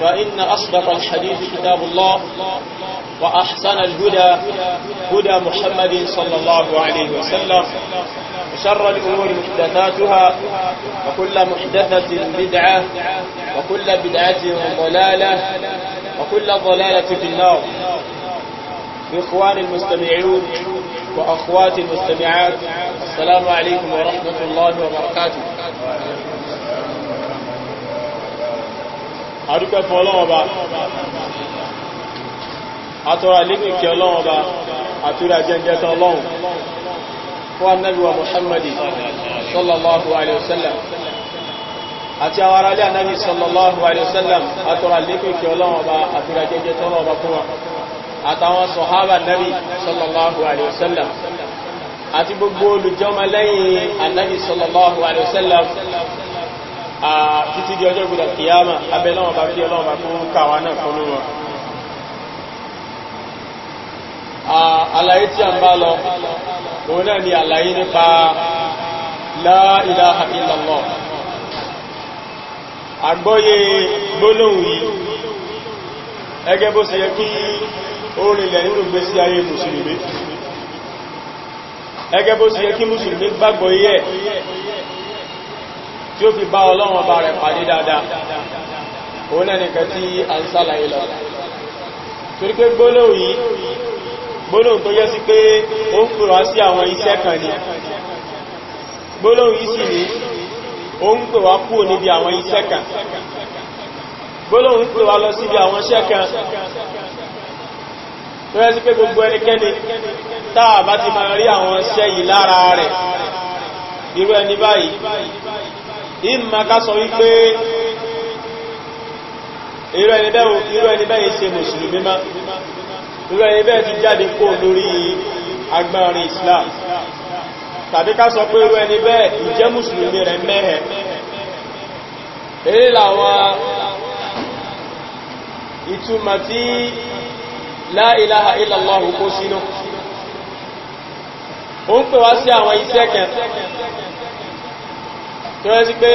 فإن أصدق الحديث كتاب الله وأحسن الهدى هدى محمد صلى الله عليه وسلم وشر الأمور محدثاتها وكل محدثة بدعة وكل بدعة ضلالة وكل ضلالة في النار إخوان المستمعون وأخواتي المستمعات السلام عليكم ورحمة الله وبركاته àdúpẹ́ fún ọlọ́wọ́ba àtọ́rà lẹ́gbẹ̀ẹ́ kí ọlọ́wọ́ba àtúrà jẹ́ ọlọ́run fún annabiwa muhammadi sallallahu alaihi wasallam àti àwọn aráalé annabi sallallahu alaihi wasallam àtọ́rà lẹ́gbẹ̀ẹ́ kí ọlọ́wọ́ba àtúrà jẹ́ ọlọ́wọ́ba fún wa àtàwọn sọ̀hábà annabi sallallahu alaihi wasallam àti gbogbo olùjọ́mọ lẹ́yìn annabi sallallahu alaihi wasallam títí di ọjọ́ ìgbìdà kìyàmà abẹ́ lọ́wọ́ bá fídí ọlọ́wọ́ bá fún káwà náà kọlu wọn àlàyé tí a ń bá lọ òun náà ni àlàyé nípa la ilaha illallah àgbọ́yé gbólóhùn yìí ẹgẹ́ bó ṣe yẹ kí orílẹ̀ nínú gbésí ayé mùsùlùmí ẹgẹ́ bó ṣe yẹ kí mùsùlùmí gbàgbọ́ yẹ tí ó fi bá ọlọ́run ọba rẹ̀ pàdé dáadáa òun náà nìkan tí a ń sálàyé lọ torí pé gbólóhùn yìí gbólóhùn tó yẹ sí pé ó ń pèrò sí àwọn iṣẹ́ kan ni gbólóhùn yìí sì ní ó ń pè wá kúrò níbi àwọn iṣẹ́ kan gbólóhùn ń pè wá lọ síbi àwọn iṣẹ́ kan tó yẹ sí pé gbogbo ẹnikẹ́ni táà bá ti máa rí àwọn iṣẹ́ yìí lára rẹ̀ irú ẹni báyìí ìmà ká sọ wípé irú ẹni bẹ́ẹ̀ ṣe mùsùlùmí má irú ẹni ti jáde kó lórí agbárin Islam tàbí ká sọ pé irú ẹni bẹ́ẹ̀ ìjẹ́ mùsùlùmí rẹ̀ mẹ́hẹ̀ èyí làwọn ìtumà tí la ilaha illallah kó sínú ó ń pè wá sí àwọn iṣẹ́ tó rẹ́ sí pé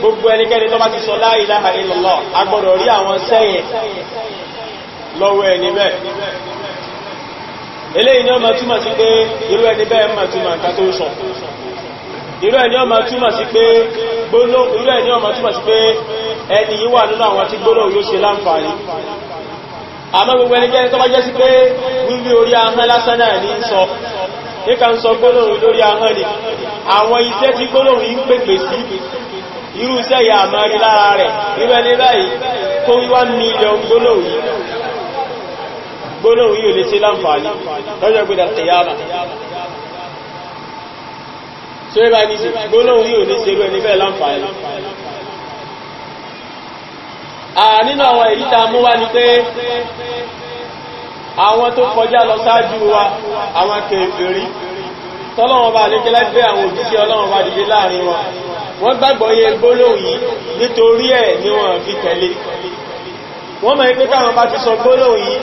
gbogbo ẹnikẹ́ni tó bá ti sọ la ilaha illallah agbọ́dọ̀ rí àwọn sẹ́yìn lọ́wọ́ ẹni bẹ́ẹ̀ eléyìí ni ó máa túmọ̀ sí pé irú ẹni bẹ́ẹ̀ máa túmọ̀ nǹkan tó sọ irú ẹni ó máa túmọ̀ sí pé gbóló irú ẹni ó máa túmọ̀ sí pé ẹni yìí wà nínú àwọn tí gbóló yóò ṣe láǹfààní àmọ́ gbogbo ẹnikẹ́ni tó bá jẹ́ sí pé wíwí orí ahọ́n lásán náà ní sọ níka ń sọ gbólóhùn lórí ahọ́n ni àwọn iṣẹ́ tí gbólóhùn yí ń pèpè sí irú iṣẹ́ yà máa rí lára rẹ̀ níbẹ̀ ní báyìí kó wíwá mílíọ̀n gbólóhùn yìí gbólóhùn yìí ò lè ṣe láǹfààní lọ́jọ́ gbé dàtẹ̀yàmà tó yẹ bá ní sí gbólóhùn yìí ò lè ṣe rẹ̀ níbẹ̀ láǹfààní nínú àwọn èyí tá a mú wá àwọn tó kọjá lọ sáájú wa àwọn kèfèrí tọ́lọ́wọ́n bá lè kẹ́lá gbé àwọn òjíṣẹ́ ọlọ́wọ́n bá dìde láàrin wọn wọ́n gbàgbọ́ yẹ gbólóhùn yìí nítorí ẹ̀ ni wọ́n fi tẹ̀lé wọ́n mọ̀ pé táwọn bá ti sọ gbólóhùn yìí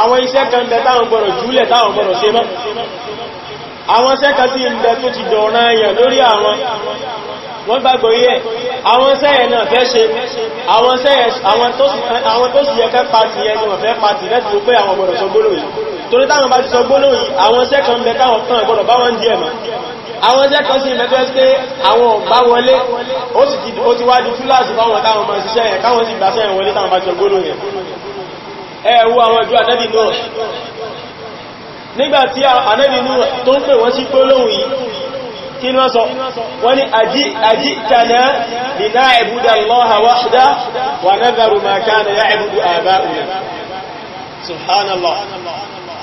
àwọn iṣẹ́ kan bẹ táwọn gbọ́dọ̀ jùlẹ̀ táwọn gbọ́dọ̀ ṣe mọ́ àwọn iṣẹ́ kan sí ń bẹ tó ti dọ̀ràn èèyàn lórí àwọn wọ́n gbàgbọ́ yẹ́ àwọn sẹ́yẹ̀ náà fẹ́ ṣe àwọn tó sì yẹ fẹ́ pàtì yẹ́ ni wọ́n fẹ́ pàtì láti wó pé àwọn gbọ́dọ̀ sọ gbóló yìí torí táwọn bá ti sọ gbóló yìí àwọn sẹ́kàn bẹ káwọn kan gbọ́dọ̀ bá wọ́n díẹ̀ mọ́ àwọn sẹ́kàn sí ìmẹ́tọ́ pé àwọn ọ̀gbá wọlé ó ti wá di túláàsì fáwọn táwọn máa ṣiṣẹ́ yẹn káwọn sì gbà sẹ́yìn wọlé táwọn bá ti sọ gbóló yẹn ẹ wo àwọn ìjọ ànábì náà nígbàtí ànábì náà tó ń pè wọ́n sí gbólóhùn yìí kí ni wọ́n sọ wọ́n ni àjíkàná lè náà ìbúdà lọ́ha wáṣídá wà náàrù makana ya ìbúdù àbáwẹ̀ subhanallah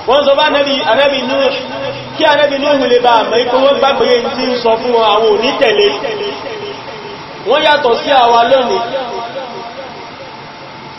wọ́n sọ bá anábi Nuh kí anábi Nuh lè bá àmà ikú wọ́n gbàgbé tí ń sọ fún àwọn onítẹ̀lé wọ́n yàtọ̀ sí àwa lónìí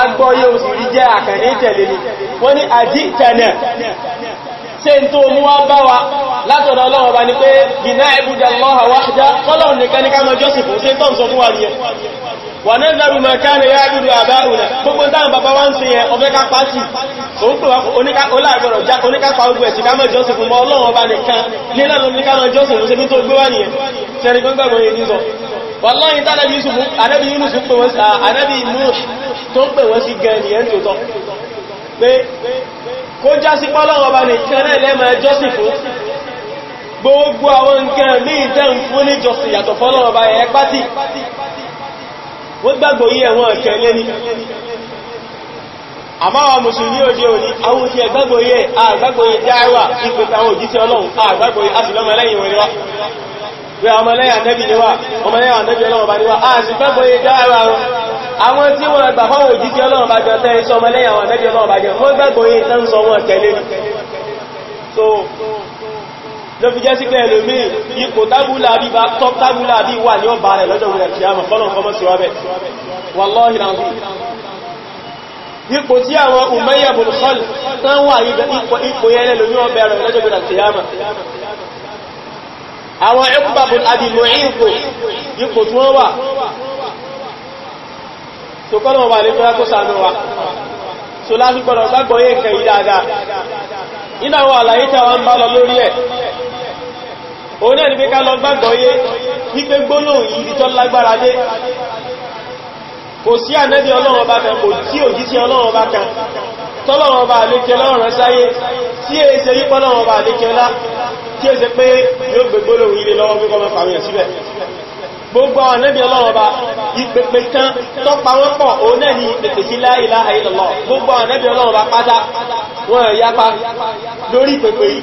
agbọ́yé oṣù rí jẹ́ àkàní tẹ̀lé ni wọ́n ní àdíkẹ̀nẹ̀ ṣe ń tó mú wá bá wa látọ̀dọ̀ ọlọ́run ọba ni pé gìnà ẹbùdà lọ́ha wájá kọ́lọ̀run nìkan ní kánà jọ́sìfò ṣe tọ́ sọ fún wa ní ẹ wà náà lọ́rù mẹ́kánà ya gúrù àbáhùnà gbogbo dáhùn bàbá wá ń se yẹn ọfẹ́ ká pàtì tó ń pèwà olágbọ̀rọ̀ já oníkápa ogun ẹ̀sì kámọ̀ jọ́sìfò mọ́ ọlọ́run ọba nìkan nílẹ̀ lọ́rùn ní kánà jọ́sìfò ṣe tó gbé wá nìyẹn wàláyìn tí anábi yusuf anábi yunus pè wọ́n sí anábi nuh tó ń pè wọ́n sí gan ni ẹn tó tọ́ pé kó já sí pọ́lọ́wọ́ bá nìkan náà lẹ́mọ̀ ẹjọ́ sì fún gbogbo àwọn nǹkan ní ìtẹ́ ń fún ní jọsìn yàtọ̀ fọ́lọ́wọ́ bá ẹ̀ pátì wọ́n gbàgbọ́ yí ẹ̀wọ̀n kẹ̀lẹ́ ni àmáwà mùsùlùmí òjé òní àwọn ti ẹ̀gbàgbọ́ yẹ àgbàgbọ́ yẹ dáẹ́wà ìpẹta òjíṣẹ́ ọlọ́run àgbàgbọ́ yẹ pé ọmọlẹ́yà nẹ́bì níwà ọmọlẹ́yà nẹ́bì ọlọ́run bá níwà àti fẹ́bọ̀ yẹ dára rọ àwọn tí wọ́n gbà fọ́wọ̀ òjíjí ọlọ́run bá jọ tẹ́ iṣẹ́ ọmọlẹ́yà wọn nẹ́bì ọlọ́run bá jọ wọ́n gbàgbọ́ yẹ tẹ́ so ló fi jẹ́ sí pé ẹlòmí ipò tábúlà bí bá tọ́ tábúlà bí wà ní ọba rẹ̀ lọ́jọ́ ìrẹ̀ kìí àmọ̀ fọ́nà kọmọ́ sí wábẹ̀ wallahi ìrànwọ́ tí àwọn Umayya bùn tán wà ipò yẹn lẹ́lòmí ọbẹ̀ rẹ̀ lọ́jọ́ ìrẹ̀ kìí àwọn ẹkùbàbùn àdìmọ̀ ìpò ipò tí wọ́n wà tó kọ́lọ̀ wà lè tọ́lá kó wa so láti gbọ́dọ̀ gbàgbọ́ yé nǹkan yìí dáadáa iná àwọn àlàyé tí àwọn ń bá lọ lórí ẹ̀ òun náà ni pé ká lọ gbàgbọ́ kò sí ànẹ́bí ọlọ́run ọba kan kò tí ò jíṣẹ́ ọlọ́run ọba kan tọ́lọ́run ọba àlékẹ́ lọ́rọ̀ sáyé tí è ṣe yípo ọlọ́run ọba àlékẹ́ lá tí è ṣe pé yóò gbogbo lóhun ilé lọ́wọ́ pé kọmọ fàmíyàn síbẹ̀ gbogbo ànẹ́bí ọlọ́run ọba ìpèpè kan tọ́pa wọ́n pọ̀ òun náà ni ìpèpè sí la ilaha illallah gbogbo ànẹ́bí ọlọ́run ọba pátá wọ́n yapa lórí ìpèpè yìí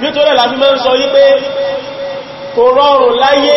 nítorí làbí máa ń sọ wípé kò rọrùn láyé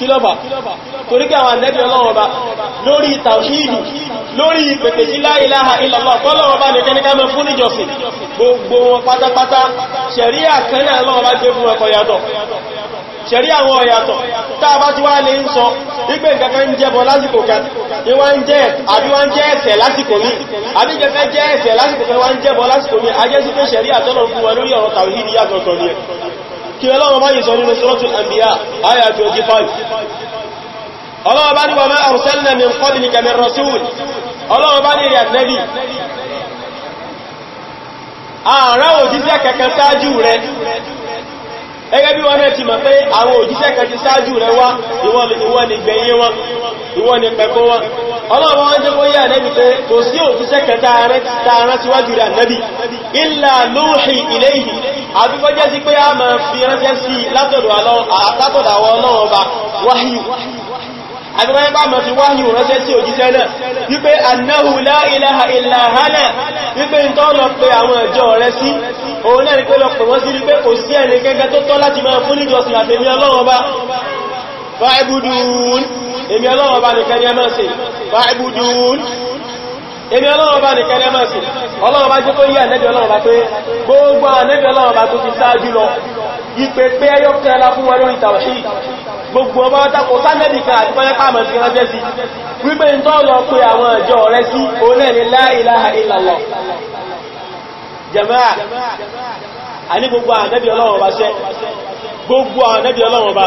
kílọ́bà torí kí àwọn ànẹ́bí ọlọ́wọ́ bá lórí tàwíìdì lórí ìpèpè sí la ilaha illallah kọ́lọ́wọ́ bá ní kẹ́ni kámẹ́ fún ìjọsìn gbogbo wọn pátápátá ṣẹ̀ríà kanáà ọlọ́wọ́ bá gbé fún ẹkọ yàtọ̀ ṣẹ̀rí àwọn ọ̀yàtọ̀ táa bá ti wá lè ń sọ wípé ìkẹ́kẹ́ ń jẹbọ lásìkò kan ní wá ń jẹ́ àbí wá ń jẹ́ ẹ̀ṣẹ̀ lásìkò ní àbí kẹ́kẹ́ jẹ́ ẹ̀ṣẹ̀ lásìkò kan wá ń jẹbọ lásìkò ní ajẹ́sí ṣẹ̀rí àtọ́lọ̀ fún wa lórí ọ̀rọ̀ tàwí kí ọlọ́run bá yìí sọ nínú suratul anbiya àyà 25 ọlọ́run bá ní wa ma arsalna min qablika min rasul ọlọ́run bá ní ìrìn àdínẹ́bì ààrá òjíṣẹ́ kankan sáájú rẹ̀ ẹgẹ́ bí wọ́n rẹ̀ ti mọ̀ pé àwọn òjíṣẹ́ kan ti sáájú rẹ̀ wá ìwọ ni gbẹ̀yìn ọlọ́wọ́ wọ́n jẹ́ bóyá nẹ́bi pé kò sí òfíṣẹ́ kẹta rán síwájú rẹ̀ nẹ́bi illa lóòhì ilayhi àbíkọ́jẹ́ sí pé a máa fi ránṣẹ́ sí látọ̀dọ̀ àwọn ọlọ́wọ́ bá wáhíù àbíwáyé bá mọ̀ fi wáyé ránṣẹ́ sí òjíṣẹ́ náà wípé annahu la ilaha illa hana wípé ń tọ́ lọ pé àwọn ẹjọ́ rẹ̀ sí òun náà ni pé lọ pẹ̀ fa'budun èmi ọlọ́wọ́ bá nìkan ní ẹmọ́ sí bá ibùdún èmi ọlọ́wọ́ bá nìkan ní ẹmọ́ sí ọlọ́wọ́ bá jẹ́ kó yí ànẹ́bì ọlọ́wọ́ bá pé gbogbo ànẹ́bì ọlọ́wọ́ bá tó ti sáájú lọ ìpè pé ẹyọ́kẹ́lá fún wọn lórí tawhid gbogbo ọba ọ̀tàkọ̀ sánẹ́bì kan àti pẹ́lẹ́ pàmọ̀ sí ránṣẹ́ sí wípé ń tọ́ lọ pé àwọn ìjọ rẹ sí onẹ́ni la ilaha illallah jàmáà àní gbogbo ànẹ́bì ọlọ́wọ́ bá ṣẹ́ gbogbo ànẹ́bì ọlọ́wọ́ bá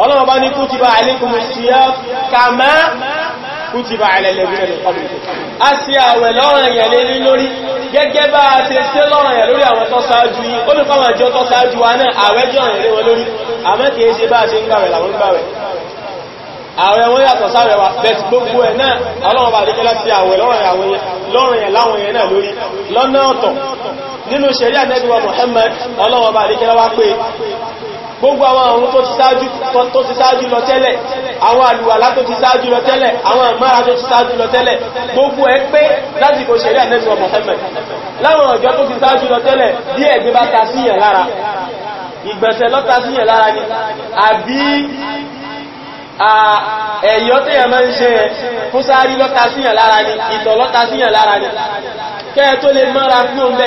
ọlọ́wọ́ bá ní kútìbà alaykumu siyam kàmá kútìbà ala alladhina min qablikum a sí àwẹ̀ lọ́rọ̀ yẹ̀ lérí lórí gẹ́gẹ́ bá a ṣe ṣe lọ́rọ̀ yẹ̀ lórí àwọn tó ṣáájú yìí ó ní fáwọn àjọ tó ṣáájú wa náà àwẹ̀ jọ yẹ̀ lé wọn lórí àmọ́ kìí ṣe bá a ṣe ń gbàwẹ̀ làwọn ń gbàwẹ̀ àwẹ̀ wọn yàtọ̀ sáwẹ̀ wa bẹ̀sì gbogbo ẹ̀ náà ọlọ́wọ́ bá dé láti àwẹ̀ lọ́rọ̀ yẹ̀ láwọn yẹn náà lórí lọ́nà ọ̀tọ̀ nínú ṣẹ̀rí ànẹ́bíwá Muhammad ọlọ́wọ́ bá dé wá pé gbogbo àwọn àrùn tó ti sáájú lọ tẹ́lẹ̀ àwọn àlùwàlá tó ti sáájú lọ tẹ́lẹ̀ àwọn àmára tó ti sáájú lọ tẹ́lẹ̀ gbogbo ẹ pé láti kò ṣẹlẹ̀ ànẹ́sìwọ̀ Muhammad láwọn ọjọ́ tó ti sáájú lọ tẹ́lẹ̀ bí ẹ̀gbẹ́ bá ta síyàn lára ìgbẹ̀sẹ̀ lọ́ta síyàn lára ni àbí ẹ̀yọ́ tí ẹ̀mọ́ ń ṣe fún sáárí lọ́ta síyàn lára ni ìtọ̀ lọ́ta síyàn lára ni kẹ́ẹ̀ tó lè mọ́ra fún ọmọ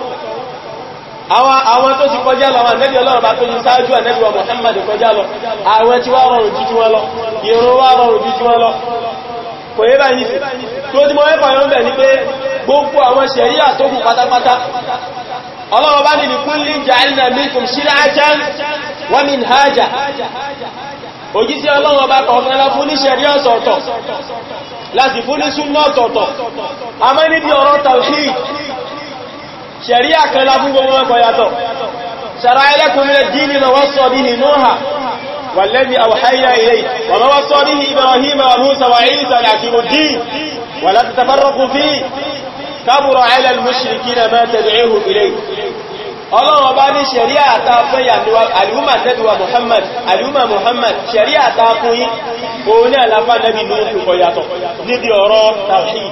àwọn tó ti kọjá lọ àwọn ànábì Ọlọ́run bá tó ní sáájú ànábì wa Muhammad kọjá lọ àwọn tí wá rọrùn jù tí wọ́n lọ ìrún wá rọrùn jù tí wọ́n lọ kò yé báyìí sí tó tí mo mẹ́fà yọ́n bẹ̀ ní pé gbogbo àwọn ṣẹ̀ríà tó kù pátápátá Ọlọ́run bá ní ní kullin ja'alna minkum shir'atan wa minhaja òjísí Ọlọ́run bá kọ̀ọ̀kan lá fún ní ṣẹ̀ríà ọ̀tọ̀ọ̀tọ̀ láti fún ní súnnà ọ̀tọ̀ọ̀tọ̀ a mẹ́ níbi ọ̀rọ̀ tawhid ṣẹ̀ríà kan lá fún gbogbo ọkọ̀ yàtọ̀ شرع لكم من الدين ما وصى به نوح والذي أوحينا إليه وما وصى به وموسى وعيسى لأكيم الدين ولا فيه كبر على المشركين ما تدعوه إليه ọlọ́run ọba ní ṣẹ̀ríà àtàkùn àlúmà tẹ́bíwà Muhammad àlúmà Muhammad ṣẹ̀ríà àtàkùn yí òun ní àlàfà nẹ́bí ní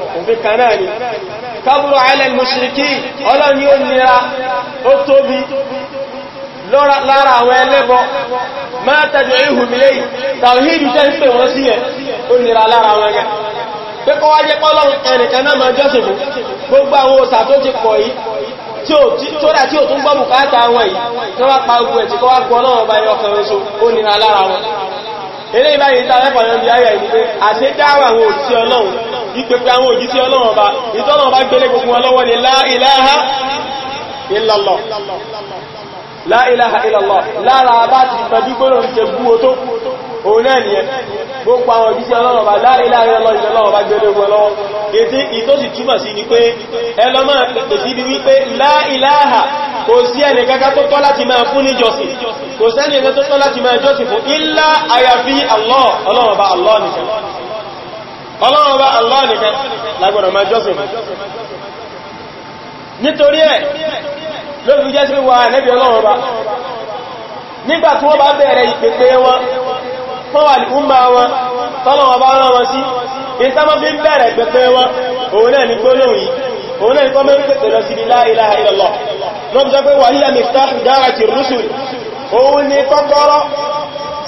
òfin kan náà ni kábúrò island mọ́ṣíríkì ọlọ́ni ó nira ó tóbi lára àwọn ẹlẹ́bọ máa tàbí ìhùmílẹ̀ tàwíhìdì tẹ́ ń pè wọ́n sí ẹ̀ ó nira lára àwọn ẹgbẹ́ pé kọ́ wájẹ́ pọ́lọ́run ẹnìkan náà máa jọ́sìn fún gbogbo àwọn òsà tó ti pọ̀ yìí tó dà tí ò tún gbọ́ bùkátà wọn yìí tó wá pa ogun ẹ̀tì kọ́ wá gbọ́ náà bá yọ oṣù ó nira lára wọn eré ìbáyìí tàbí pọ̀ ìpèpè àwọn òjísí ọlọ́run bá ìtọ́lọ́run bá gbélé gbogbo wọn lọ́wọ́ ni la ilaha illallah la ilaha illallah lára bá ti pẹ̀lú gbọ́nà ti gbúwo tó òun náà nìyẹn gbogbo àwọn òjísí ọlọ́run bá la ilaha illallah ìtọ́lọ́run bá gbélé gbogbo lọ́wọ́ ètí ìtó sì túmọ̀ sí ni pé ẹlọ́mọ̀ pèsè bí wípé la ilaha kò sí ẹni gágá tó tọ́ láti máa fún ní jọsìn ọlọ́run bá Allah nìkan lágbọ́dọ̀ máa jọ́sìn nítorí ẹ̀ ló fi jẹ́ sí wà nẹ́bí ọlọ́run bá nígbà tí wọ́n bá bẹ̀rẹ̀ ìpèpè wọn fún wà lùmà wọn tọ́lọ́wọ́ bá rán wọn sí ìsámọ́ fi bẹ̀rẹ̀ ìpèpè wọn òun náà ní gbólóhùn yìí òun náà ní kọ́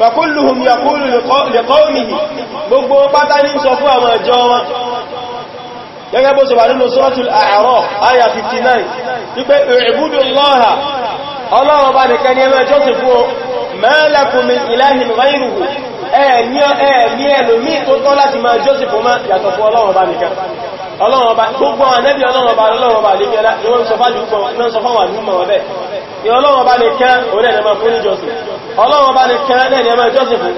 fàkúlùhùn yàkúlù lẹ́kọ́ọ̀mìyì gbogbo pátá ní sọ fún àwọn ẹjọ́ wọn gẹ́gẹ́ bó ṣe nínú suratul A'raf ayà 59 wípé ìrìbúdù lọ́ra ọlọ́run bá nìkan ní ẹmọ ẹjọ́ sì fún o malakum min ilahin ghayruhu ẹ̀ẹ̀mí ẹlòmí tó ọlọ́run ọba gbogbo ànẹ́bí ọlọ́run ọba ọlọ́run ọba lè kẹ́lá ni wọ́n sọ fájú pọ̀ náà sọ fáwọn àdúgbò wọn bẹ́ẹ̀ ni ọlọ́run ọba lè kẹ́ orí ẹ̀nà máa fún ní jọ́sìn ọlọ́run ọba lè kẹ́ lẹ́ni ẹ̀mọ́ jọ́sìn fún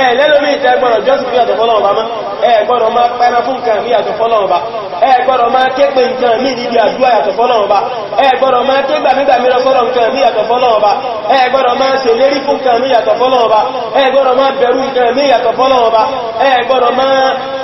ẹ̀ lẹ́lómi ìtẹ́ gbọ́dọ̀ jọ́sìn fún yàtọ̀ fọ́lọ́run ọba mọ́ ẹ̀ gbọ́dọ̀ máa pẹ́ra fún nǹkan mí yàtọ̀ fọ́lọ́run ọba ẹ̀ gbọ́dọ̀ máa ké pe nǹkan mí níbi àdúrà yàtọ̀ fọ́lọ́run ọba ẹ̀ gbọ́dọ̀ máa ké gbàmígbà mí lọ́sọ́rọ̀ nǹkan mí yàtọ̀ fọ́lọ́run ọba ẹ̀ gbọ́dọ̀ máa ṣèlérí fún nǹkan mí yàtọ̀ fọ́lọ́run ọba ẹ̀ gbọ́dọ̀ máa bẹ̀rù nǹkan mí yàtọ̀ fọ́lọ́run ọba ẹ̀ gbọ́dọ̀ máa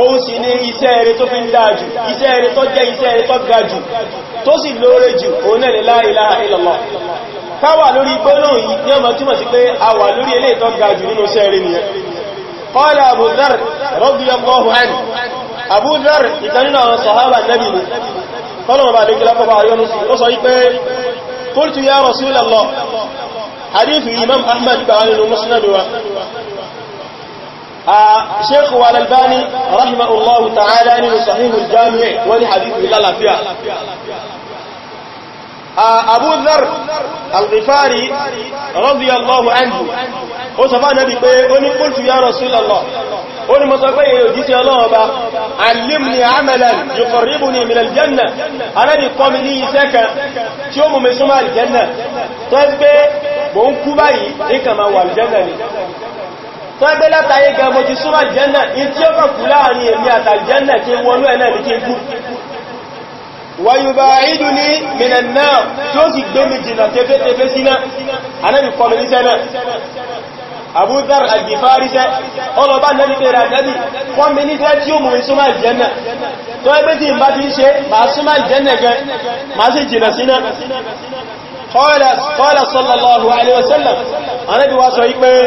òun sì ní iṣẹ́ eré tó fi ń dájú iṣẹ́ eré tó jẹ́ iṣẹ́ eré tó ga jù tó sì lóore jù òun náà la ilaha illallah káwà lórí gbónáà yìí ní ọmọ túnmọ̀ sí pé a wà lórí ilé tó ga jù nínú iṣẹ́ eré nìyẹn qala Abu Dharr radiyallahu anhu Abu Dharr ìkanínà àwọn sàhábà شيخ والالباني رحمه الله تعالى من صحيح الجامع ولحديث لا فيها أبو ذر الغفاري رضي الله عنه وصفى نبي بيقول قلت يا رسول الله قولي مصفى يا الله علمني عملا يقربني من الجنة أنا بقوم لي سكا شو من الجنة طيب بأنكو باي إنك ما هو الجنة tó ẹgbẹ́ látàyé gan mo ti súnmọ́ ìjẹ́nà in tí ó kàn kú láàrin èmi àtàjẹ́nà kí wọnú ẹ̀nà ní kí kú wàyùbá ìdù ní mìnàn náà tí ó sì gbé mi jìnà tẹfẹ́tẹfẹ́ síná anábì kọlu náà قال صلى الله عليه وسلم انا دي واسو يبه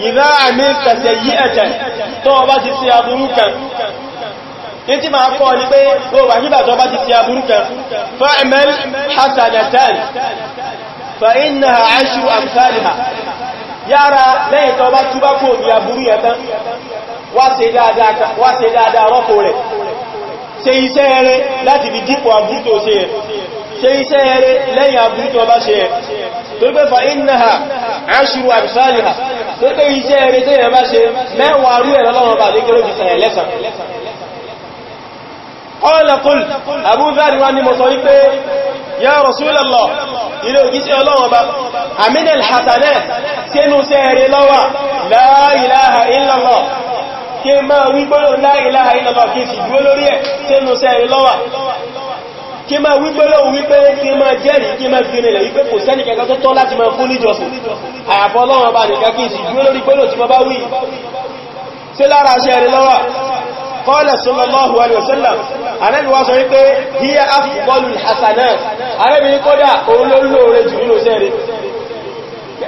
اذا عملت سيئه تو با تي سي ابورو كان ما كو ني بي تو با ني با تو تي سي ابورو فاعمل حسنتان فانها عشر امثالها yára lẹ́yìn tó bá túbá kò بوري àbúrú yẹn tán wá ṣe dáadáa rọ́pò rẹ̀ ṣe iṣẹ́ rẹ̀ láti fi ṣe iṣẹ́ eré lẹ́yìn aburú tí wọ́n bá ṣe ẹ̀ tó pé fa iná ha aṣírù àbìsáàlì ha tó pé iṣẹ́ eré tí wọ́n bá ṣe mẹ́wàá rú ẹ̀rọ lọ́wọ́ bá lékèrè fi sàn ẹ̀lẹ́sàn ọ́lẹ̀kùn àbúzáàrí wá ní mo sọ wípé kí máa wígbọ́lọ̀ la ilaha kí sì dúó lórí ẹ̀ sínú sẹ́ẹ̀rẹ̀ lọ́wà kí máa wípé lóhun wípé kí máa jẹ́rìí kí máa fi rìnlẹ̀ wípé kò sẹ́nì kankan tó tọ́ láti máa fún níjọsìn àyàfọ́ Ọlọ́run bá nìkan kí ìsì dúró lórí pẹ́lò tí ma bá wí sí lára aṣẹ́ rẹ̀ lọ́wọ́ qala sallallahu alaihi wasallam Ànábì wá sọ wípé hiya afdalul hasanat Ànábì ní kódà òun ló lóore jù nínú sẹ́rẹ̀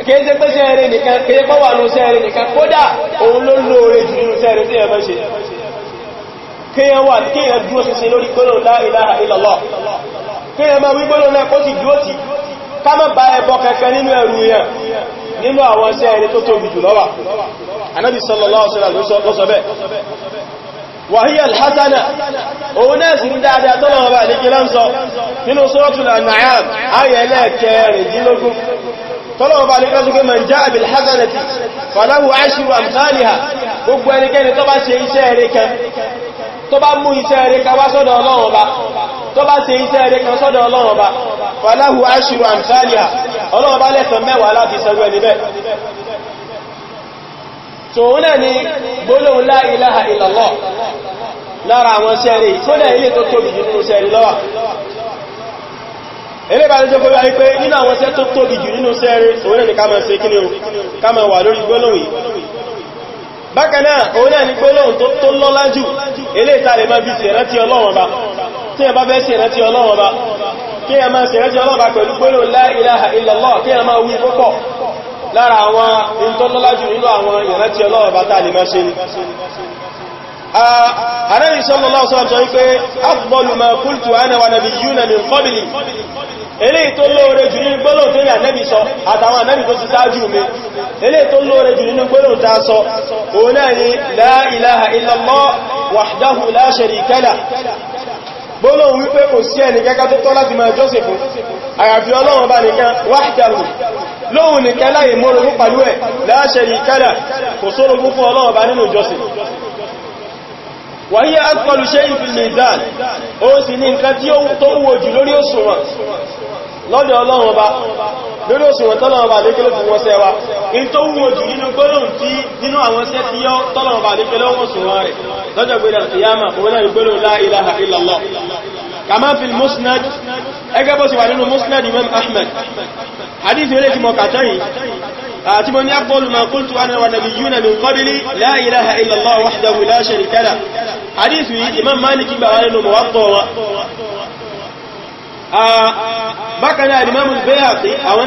kéèsẹ́ pé sẹ́rẹ̀ nìkan kéèkọ́ kéèyàn wà kéèyàn dúró ṣinṣin lórí gbólóhùn la ilaha illallah kéèyàn máa wí gbólóhùn náà kó ti dúró ti ká má bá ẹbọ kankan nínú ẹrù yẹn nínú àwọn iṣẹ́ ẹni tó tóbi jù lọ́wà anábi sallallahu ní dáadáa tó lọ́wọ́ bá nígbì lánsọ nínú suratul an'am gbogbo ẹnikẹ́ni tó bá ṣe iṣẹ́ rẹ̀ tó bá mú iṣẹ́ rẹ̀ kan wá sọ́dọ̀ ọlọ́run ọba tó bá ṣe iṣẹ́ rẹ̀ kan sọ́dọ̀ ọlọ́run ọba falahu ashiru amsalia ọlọ́run ọba lẹ́san mẹ́wàá láti sẹ́rú ẹni bẹ́ẹ̀ tòun náà ni gbólóhùn la nínú àwọn sẹ́ tó tóbi jù nínú sẹ́rẹ̀ òun náà ni ká máa ṣe kí ni o ká máa wà lórí gbólóhùn bákanáà òun náà ní gbólóhùn tó lọ́lá jù eléyìí tá lè máa bí ṣèrántí Ọlọ́run Ọba tí ẹ bá fẹ́ ṣèrántí Ọlọ́run Ọba kí ẹ máa ṣèrántí Ọlọ́run Ọba pẹ̀lú gbólóhùn la ilaha illallah kí ẹ máa wí púpọ̀ eléyìí tó lóore jù nínú gbólóhùn tó rí ànẹ́bì sọ àtàwọn ànẹ́bì tó ti sáájú mi eléyìí tó lóore jù nínú gbólóhùn tá sọ òun náà ni la ilaha illallah wahdahu la sharika lah gbólóhùn wípé kò sí ẹni kẹ́kẹ́ tó tọ́ láti máa jọ́sìn fún àyàfi ọlọ́run bá nìkan wahdahu lóhun nìkan láyé mọ́rogún pàlú ẹ̀ la sharika lah kò sórogún fún ọlọ́run bá nínú jọ́sìn wàíyẹ akọlù ṣe ìfìlẹ̀ ìdáàlì ó sì ní nǹkan tí ó tó wò jù lórí òṣùwọ̀n lọ́dẹ̀ ọlọ́run ọba lórí òṣùwọ̀n tọ́lọ́run ọba lékelé fún wọn sẹ́wà in tó wò jù nínú gbólóhùn tí nínú àwọn kàmá fi musnad ẹgbẹ́ bó ti wà nínú musnad imam ahmed hadith ilé ti mọ̀ kàtọ́ yìí àti mo ní afdalu ma qultu ana wa nabiyyuna min qabli la ilaha illa allah wahdahu la sharika lah hadith yìí imam malik gbà wà nínú muwatta wa bákan náà imam al-bayhaqi àwọn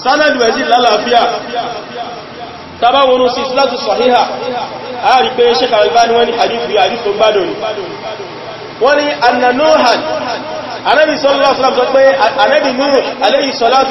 sanadu ẹ̀ sí lálàáfíà tàbáwọnú sí islátù sọ̀híhà a rí pé Sheikh Albani wọ́n ni àdífì àdífò gbádùn wọ́n ni annanohan anábi sallallahu alaihi wasallam sọ pé anábi Nuhu alayhi salatu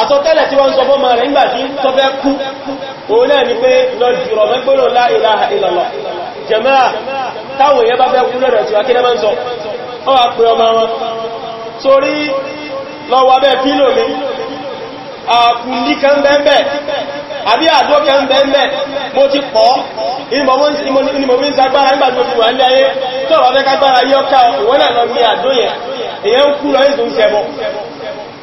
àtọ́tẹ́lẹ̀ tí wọ́n sọ fọ́ mọ̀ rẹ̀ nígbà tí tó fẹ́ kú òun náà ni pé lọ jùrọ̀ mẹ́gbẹ́rò la ilaha illallah jàmáà táwọn èèyàn bá fẹ́ kú lọ́rọ̀ tí wá kí náà sọ ọ wà pé ọmọ wọn sórí lọ́wọ́ abẹ́ pílò mi àkùnlí kan bẹ́ẹ̀bẹ́ àbí àdó kan bẹ́ẹ̀bẹ́ mo ti pọ̀ ìmọ̀mí sagbára nígbà tó ti wà ní ayé tó wà fẹ́ kágbára yọ́ká ìwọ́nà lọ ní àdó yẹn èèyàn kú lọ ìsùn sẹ́bọ̀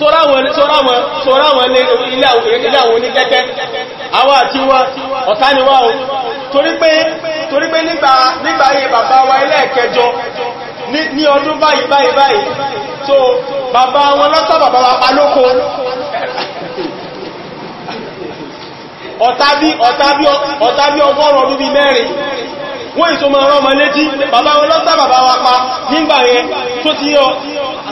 sọ́ráwọn ilé àwọn oníkẹ́kẹ́ àwọn àti wọn ọ̀tá wá o torí pé nígbà ayé bàbá wa ẹlẹ́ẹ̀kẹjọ ní ọdún báyìí báyìí báyìí so bàbá wọn lọ́tọ́ bàbá wa palóko ọ̀tá bí ọgọ́rùn ọdún mẹ́rin wọ́n ìsọmọ̀ ọmọ bàbá wọn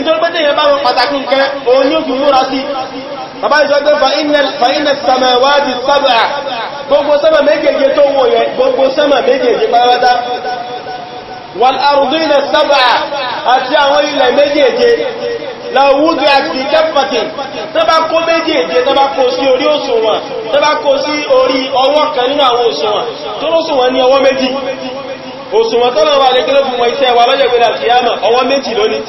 nítorí pé tẹ́yẹ bá wọn pàtàkì nǹkan òun ní òfin múra sí bàbá ìjọgbé fa'inẹ̀ samawati sábà gbogbo sánmà méjèèje tó wò yẹ gbogbo sánmà méjèèje pàápàá wal ardina sábà àti àwọn ilẹ̀ méjèèje láwúdí àti kẹfàtì tẹ́bá kó méjèèjì tẹ́bá kó sí orí òṣùwọ̀n tẹ́bá kó sí orí ọwọ́ kan nínú àwọn òṣùwọ̀n tó rọ́sùwọ̀n ní wa lọ́jẹ̀gbẹ̀rẹ̀ àti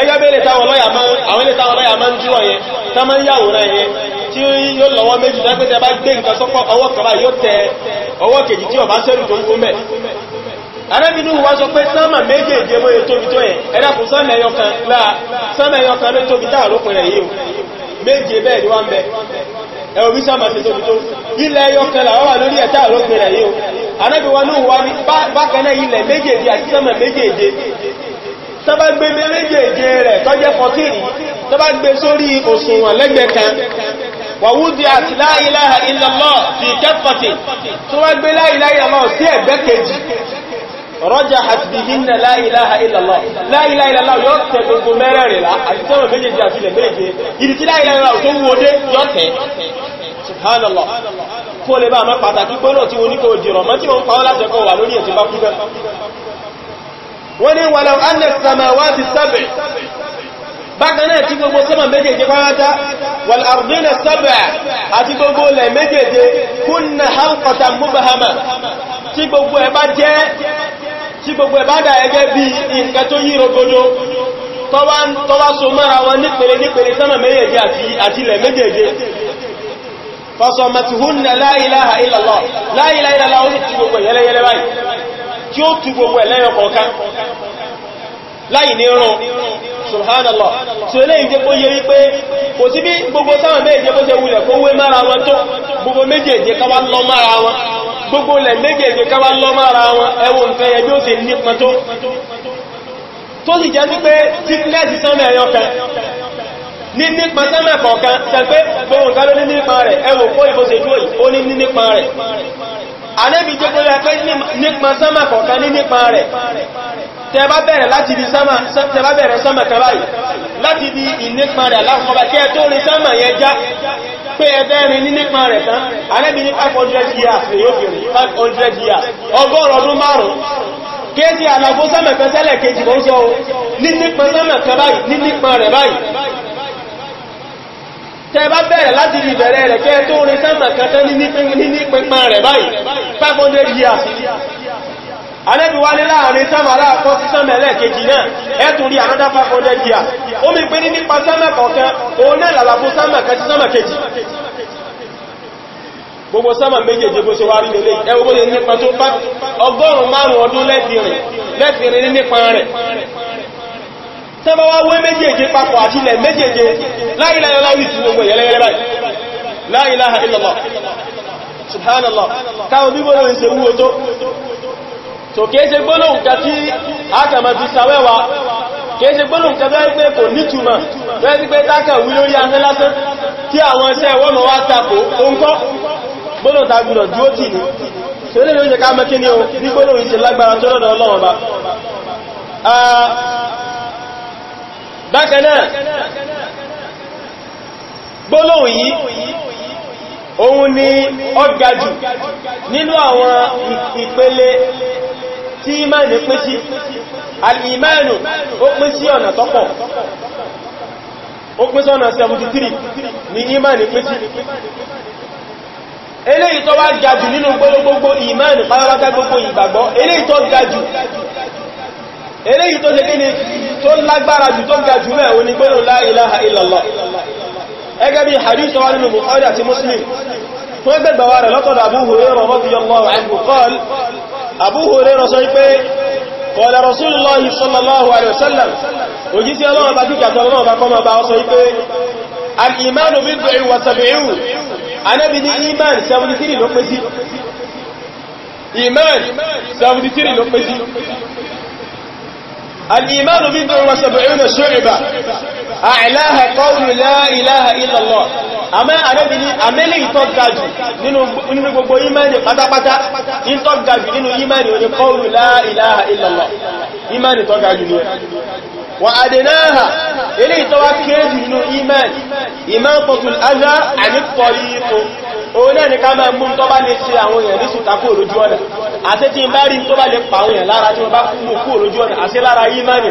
ẹgbẹ́ ga táwọn lọ́yà máa àwọn ilé táwọn lọ́yà ya ń jíwọ̀ ya tá máa ń yàwòrán yẹn tí yóò lọ́wọ́ méjì lápẹ́tẹ́ bá gbé nǹkan sọ́pọ̀ ọwọ́ kọ̀ọ̀bá yóò tẹ ọwọ́ kejì tí ọba sẹ́rù tó ń kú mẹ́ arábìnú wa sọ pé sánmà méjèèjì ẹmọ́ yóò tóbi tó yẹn tó bá gbé méjèèjì rẹ̀ tó jẹ́ 14 tó bá gbé sórí òṣùwọ̀n lẹ́gbẹ̀ẹ́ kan wàwúdí àti la ilaha illallah fi kaffati tó wá gbé la ilaha illallah sí ẹ̀gbẹ́ kejì rọ́jà àti bìbínà la ilaha illallah la tí la ilaha illallah tó mọ́ tí wọ́n pa ọ́ wà lórí ẹ̀tí bá kú bẹ́ẹ̀ wọ́n ní wà láwọn anẹ́sàmàwàtí sábẹ̀ bákanáà tí gbogbo sọ́mà méjèèjì pàrátá wàl'ardínà sábẹ̀ àti gbogbo lẹ̀ méjèèjì kúnnà hankọta múbahama tí gbogbo ẹ̀bá jẹ́ tí gbogbo ẹ̀bá dà ẹgẹ́ bí nǹkan tó yí rogodo tọ́wá so mara wọn nípele tí ó tu gbogbo ẹ̀lẹ́yọ kọ̀ọ̀kan láì ní rán subhanallah so ilé ìjẹ́ kó yẹ wípé kò sí bí gbogbo sáwọn méje bó ṣe wulẹ̀ kó wé mára wọn tó gbogbo méjèèjì káwà lọ mára wọn gbogbo lẹ̀ méjèèjì káwà lọ mára wọn ẹwọ nǹkan yẹ bí ó ṣe nípa tó tó sì jẹ́ wípé tíknẹ́sì sánmẹ̀ ẹ̀yọ kan ní nípa sánmẹ̀ kọ̀ọ̀kan tẹ́ pé gbogbo nǹkan ló ní nípa rẹ̀ ẹwọ kó ìbóṣe dúró yìí ó ní nípa rẹ̀ anẹ́bí jẹ́ kó yẹ pé nípa sánmà kọ̀ọ̀kan ní nípa rẹ̀ tẹ bá bẹ̀rẹ̀ láti di sánmà kan báyìí láti di ìnípa rẹ̀ aláàkọ́bá kí ẹ tó rí sánmà yẹn já pé ẹbẹ́rin ní nípa rẹ̀ tán anẹ́bí ní 500 years ni yóò fi rí 500 years ọgọ́rùn ọdún márùn-ún kéèsì àlàfó sánmà kan tẹ́lẹ̀ kejì mọ́ sọ ní nípa sánmà kan báyìí ní nípa rẹ̀ báyìí tẹ bá bẹ̀rẹ̀ láti rí ìbẹ̀rẹ̀ rẹ̀ kẹ́ tó rin sẹ́mà kẹta ní ní pínpín rẹ̀ báyìí 500 years alẹ́bí wá ní láàrin sẹ́mà aláàkọ́ sí sẹ́mà ẹlẹ́ẹ̀kejì náà ẹ̀tùn rí another 500 years ó mi pín ní nípa sẹ́mà kọ̀ọ̀kan òun náà lálàfún sẹ́mà kẹ́ sí sẹ́mà kejì gbogbo sẹ́mà méjèèjì bó ṣe wá rí lélẹ́ ẹwọ́ ní nípa tó bá ọgọ́rùn-ún márùn-ún ọdún lẹ́fìrin lẹ́fìrin ní nípa rẹ̀ tẹ́bà wé méjèèjì papọ̀ àti méjèèjì la ilaha gbogbo ìyẹlẹ́yẹlẹ́ báyìí la ilaha illallah subhanallah káwọn bí gbọ́nà ìṣe wúwo tó tó kéèṣe gbọ́nà nǹkan tí ákàmà fi sàwẹ́wà kéèṣe gbọ́nà nǹkan tó ẹgbẹ́ kò nítumà tó ẹgbẹ́ tákà wí lórí ahẹ́ lásán tí àwọn iṣẹ́ wọ́n wá tapò ó ń kọ́ gbọ́nà tàgbùnà dúó tì ní tó lè lóye ká mẹ́kí ní o bí gbọ́nà ìṣe lágbára tó lọ́dọ̀ ọlọ́run bákanáà gbólóhùn yìí òun ni ọgbàjù nínú àwọn ìpele tí ìmáni pín sí alìmánu ó pín sí ọ̀nà tọ́pọ̀ ó pín sí ọ̀nà 73 ní ìmáni pín sí eléyìí tó wá gajù nínú gbogbogbò ìmáni pátápátá gbogbo ìgbàgbọ́ eléyìí tó gajù eléyìí tó ṣe kí ni tó lágbára jù tó ga jù mẹ́ òní gbónú la ilaha illallah ẹgẹ́ bí hadith wà nínú Bukhari àti Muslim fún ẹgbẹ́ gbàwà rẹ̀ lọ́tọ̀dọ̀ Abu Hurairah radiyallahu anhu qala Abu Hurairah sọ pé qala Rasulullahi sallallahu alaihi wasallam òjísí ọlọ́run bá kíkà tọ́lọ́run bá kọ́ ma 73 ló pé الإيمان بضع وسبعون شعبة أعلاها قول لا إله إلا الله àmẹ́ àrẹ́bìnrin àmẹ́lẹ̀ ìtọ́gájù nínú gbogbo ìmẹ́ni pátápátá ìtọ́gájù nínú ìmẹ́ni orí kọlù la ilaha illallah ìmẹ́ni tọ́gájù ní wà àdínáà ilé ìtọ́wà kéèjù nínú ìmẹ́ni ìmẹ́ òun náà ni ká máa mú tó bá lè ṣe àwọn èèyàn ní ṣùtà kó lójú ọ̀nà àti tí n bá rí tó bá lè pa àwọn èèyàn lára tí wọ́n bá mú kó lójú ọ̀nà àti lára ìmánì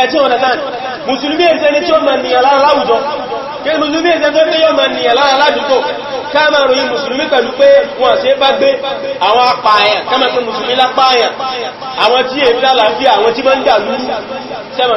ẹ̀tí ọ̀nà tán musulmi ẹ̀sẹ̀ ní tí ó ma nìyà lára láwùjọ kí musulmi ẹ̀sẹ̀ tó pé yọ ma nìyà lára lájúkò káàmàrù yí musulmi pẹ̀lú pé wọn sí bá gbé àwọn apààyàn káàmàtí musulmi lápààyàn àwọn tí èmi lálàáfíà àwọn tí ma ń dà lúrú sẹ́mà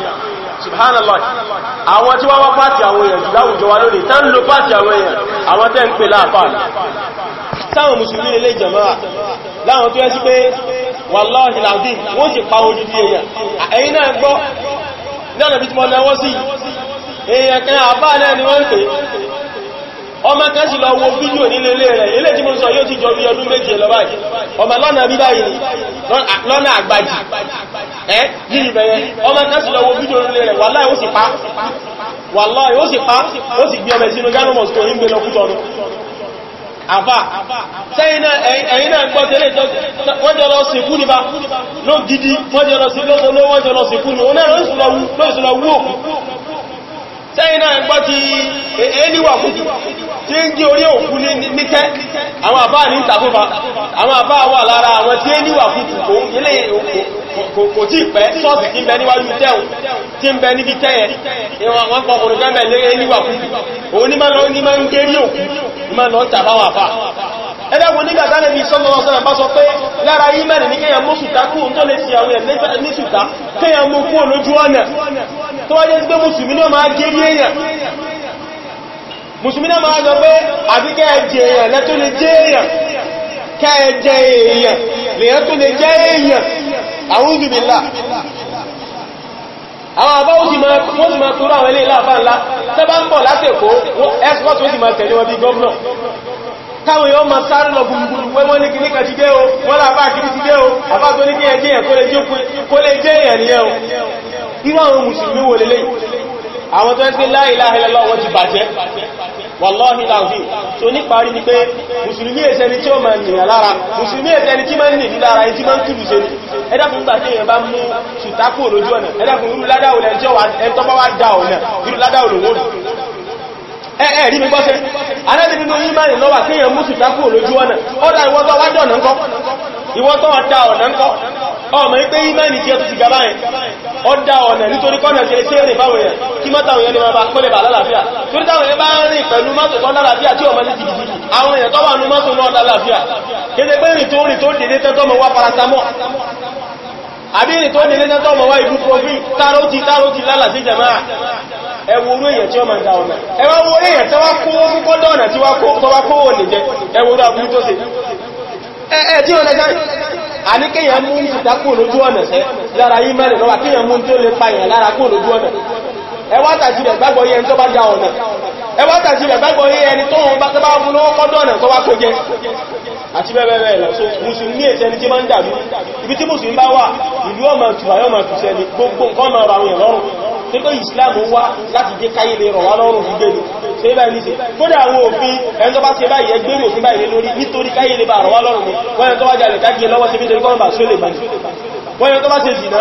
subhanallah àwọn tí wọ́n wá pàtì àwọn èèyàn jù láwùjọ wa lónìí tán ló pàtì àwọn èèyàn àwọn tẹ́ ń pè láàpá táwọn mùsùlùmí lè jẹ̀mọ́ra láwọn tó yẹ sí pé wàláhì láàdín wọ́n pa ojú bí èèyàn ẹ̀yìn náà gbọ́ lọ́nà bí tí mo ọmọ kan sì lọ wo fídíò nílé ilé rẹ̀ ilé tí mo sọ yóò ti jọ bí ọdún méje lọ báyìí ọmọ lọ́nà bí báyìí lọ́nà àgbàjì ẹ́ yìí bẹ̀yẹ ọmọ kan sì lọ wo fídíò nílé rẹ̀ wàláì ó sì pa wàláì ó sì pa ó sì gbé ọmọ sínú gánàmọ̀ tó ń gbé lọ fún tọrọ àbá ẹ̀yìn náà gbọ́ tẹ́lẹ̀ wọ́n jọ lọ sí fún nípa ló gidi wọ́n jọ lọ sí lọ́sọ̀lọ́wọ́ jọ lọ sí fún ní onáà lóìsùlọ́wú òkú sẹ́yìnà ẹgbọ́ ti ẹniwà kúkú tí ń gí orí òkú ní tẹ́ àwọn àbá ní ìtàkóbá àwọn àbá wà lára àwọn tí ẹniwà kúkú kò ilé kò tí pẹ́ sọ́ọ̀sì tí ń bẹ níwájú tẹ́hùn tí ń bẹ níbi tẹ́yẹ wọ́n pọ̀ ọ̀rọ̀ jẹ́ ẹniwà òun ní máa ń gé rí òkú ní máa lọ fà nígbà tánà sọ pé lára ní mú sùtá tó wájẹ́ pé musulmi náà máa gé ní èyàn musulmi náà máa lọ pé àbí kẹ́ẹ̀jẹ̀ èyàn lẹ́tọ́ lè jẹ́ èyàn kẹ́ẹ̀jẹ̀ èyàn lèyàn tó lè jẹ́ èyàn a'udhu billah àwọn àbá ó sì máa wọ́n sì máa tóró àwọn ilé ìlàfà ńlá tẹ́bá ń bọ̀ látẹ̀kó ẹ́sùpọ̀t ó sì máa tẹ̀lé wọn bí gọ́ọ̀nà káwọn èèyàn máa sáré lọ gbùngbùn pé wọ́n ní kí irú àwọn mùsùlùmí wo lélẹ́yìn àwọn tó ń pè la ilaha illallah wọ́n ti bàjẹ́ wallahi láàrín tó níparí ni pé mùsùlùmí ẹ̀sẹ̀ni tí ó máa ń nìyàn lára mùsùlùmí ẹ̀sẹ̀ni tí máa ń nìyàn lára ẹjí máa ń túbù sí ẹ̀dàkùn gbà ẹ̀ẹ̀rí mi gbọ́sẹ̀ alẹ́bìnrin ní ìmáyìn lọ́wà kí èyàn mú sùtá kúrò lójú ọ̀nà ọ̀dá ìwọ́tọ̀ wájọ̀ náà kọ́ ìwọ́tọ̀ ọ̀dá ọ̀nà ń kọ́ ọmọ ipé ìmáyìn tí ó ti gaba yẹn ọ̀dá ọ̀nà nítorí kọ́nà tí ṣe rìn báwọn yẹn kí mọ́tàwọn yẹn ni wọ́n bá pẹ́lẹ̀ bà lálàáfíà torí táwọn yẹn bá ń rìn pẹ̀lú mọ́tò tán lálàáfíà tí ọmọ ní jìdìjìdì àwọn èèyàn tó wà ní mọ́tò náà lálàáfíà kéde pé rìn tó rìn tó dédé tẹ́tọ́ mọ́ wá paratamọ́ àbí rìn tó dédé tẹ́tọ́ mọ́ wá ìlú profin táró ti táró ti lálàá sí jẹ̀máà ẹwòrú èyàn tí ó máa dá ọ̀nà ẹwà wòrú èyàn tí wọ́n kó púpọ̀ lọ́nà tí wọ́n kó wò lè jẹ ẹwòrú àbúrú tó sì ẹ̀ẹ́dí ọ̀nà jáì àní kíyàn mú ń fìta kó lójú ọ̀nà sẹ́ lára yí mẹ́rin lọ́wà kíyàn mú tó lè pààyàn lára kó lójú ọ̀nà ẹwà tàjí rẹ̀ gbàgbọ́ yẹn tó bá já ọ̀nà ẹwà tàjí rẹ̀ gbàgbọ́ yẹn tó wọn bá tọ́bá mú lọ́wọ́ kọ́dọ̀ ọ̀nà tó wá so mùsùlùmí èsẹ́ ni tí máa ń dàbí ibi tí mùsùlùmí bá wà ìlú ọmọ tùwà yọmọ tùsẹ́ ni gbogbo nǹkan ọmọ ọ̀rọ̀ àwọn èèyàn tí pé Islam wá láti jẹ́ káyé lè rọ̀ wá lọ́rùn gbígbé ni ṣe báyìí níṣe kódà àwọn òfin ẹni tó bá ṣe báyìí ẹgbẹ́rù òfin báyìí lórí nítorí káyé lè bá rọ̀ wá lọ́rùn ni wọ́n yẹn tó wá jalè káyé lọ́wọ́ sí nítorí kọ́nà bá só lè bani wọ́n yẹn tó bá ṣe zìnà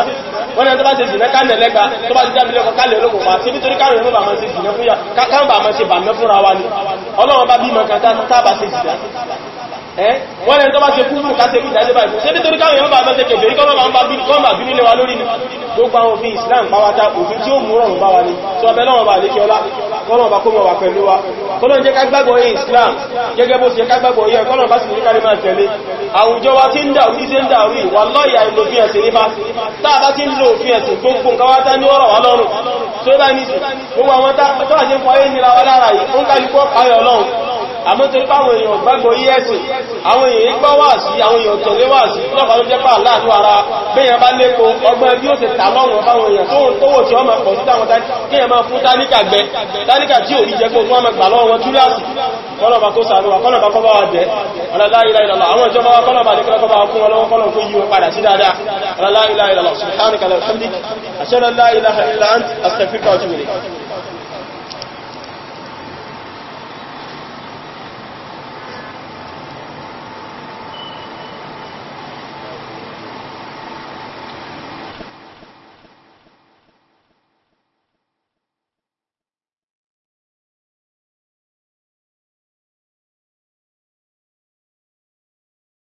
wọ́n yẹn tó bá ṣe zìnà kálẹ̀ lẹ́gba tó bá ti jábí lẹ́kọ̀ọ́ kálẹ̀ olókùn pa sí nítorí káyé ló bá máa ṣe zìnà fúnyà káyé bá tá bá wọ́n lẹ́n tó bá ṣe kúrú káṣẹ́ ìdájẹ́ báyìí ṣe nítorí káwọn èèyàn bá bá ṣe kèfèrí kọ́ bá bí nílé wa lórí ni gbogbo àwọn òfin Islam pàwátá òfin tí ó mú rọrùn bá wa ní tí ọbẹ̀ lọ́wọ́ bá lékí ọlá kọ́lọ̀ bá kó mọ̀ wà pẹ̀lú wa kọ́lọ̀ jẹ́ ká gbàgbọ́ yẹ Islam gẹ́gẹ́ bó ṣe ká gbàgbọ́ yẹ kọ́lọ̀ bá sì ní kárí máa tẹ̀lé àwùjọ wa tí ń dà òfin tí ń dà rí wà lọ́yà ìlò fi ẹ̀sìn nípa tá a bá ti ń lo òfin ẹ̀sìn tó gbọ́n káwátá ní ọ̀rọ̀ wa lọ́rùn tó bá ní gbogbo àwọn tó àjẹ́ fọ́ ayé nira wa lára yìí ó ń àmọ́ torí páwọn èèyàn gbàgbọ́ yíẹ́sì àwọn èèyàn gbọ́ wà sí àwọn èèyàn tẹ̀lé wà sí lọ́pàá ló jẹ́ pà láàánú ara bẹ́yàn bá lépo ọgbọ́n bí ó ti tà lọ́wọ́n báwọn èèyàn tó ń tówò tí wọ́n máa pọ̀ sí táwọn kéèyàn máa fún táníkà gbẹ táníkà tí ò rí jẹ́ kó wọ́n máa gbà lọ́wọ́ wọn túláàsì kọ́lọ̀bà kó sàánúwà kọ́lọ̀bà kọ́ bá wà jẹ́ aláìláìlọ́lọ́ àwọn ìjọba sí